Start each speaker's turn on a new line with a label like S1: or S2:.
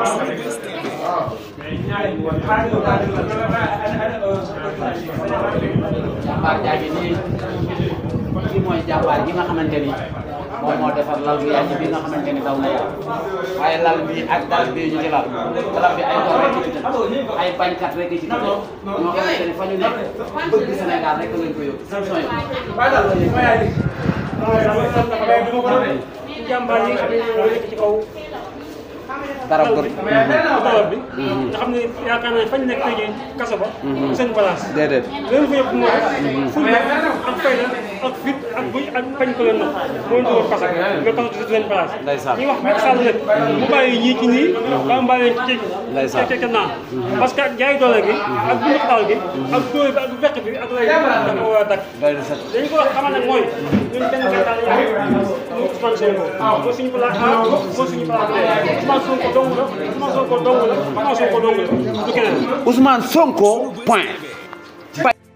S1: jàmbaar jaa ngi nii kii mooy jàmbaar gi nga xamante ni moom moo defar lal bi yàgg bi nga xamante ni daw na yàlla waaye lal bi ak dal bi ñu ci lal lal bi ay doom rek ci dëkk ay bañkat rek ci dëkk ñoo xamante ni fa ñu nekk bëgg Sénégal rek lañ ko yóbbu sanction yi jàmbaar yi nga xam ne ñoo nekk ci kaw
S2: dara bu doon dawal bi mhm. Mhm. nga
S1: xam ne yaakaar naa fañ nekk tey jii kaso ba mhm. seen balance déedéet leen fa yëpp mooy fulla ak fayda ak fit ak buy ak mooy dugal kaso nga kaso di seen balance ndeysaan wax Macky Sall nag mu bàyyi ñii ci nii ba mbaa leen ci ndeysaan ca ca naa parce que ak jaay doole gi ak bu ndoxtaal gi ak dóor bi ak fekk bi ak lay dafa war a dakk dañu ko wax mooy mu Ousmane Sonko waaw mooy suñu plan A mooy suñu plan B Ousmane Sonko dong la Ousmane Sonko dong la Ousmane Sonko dong la du keneen Ousmane Sonko point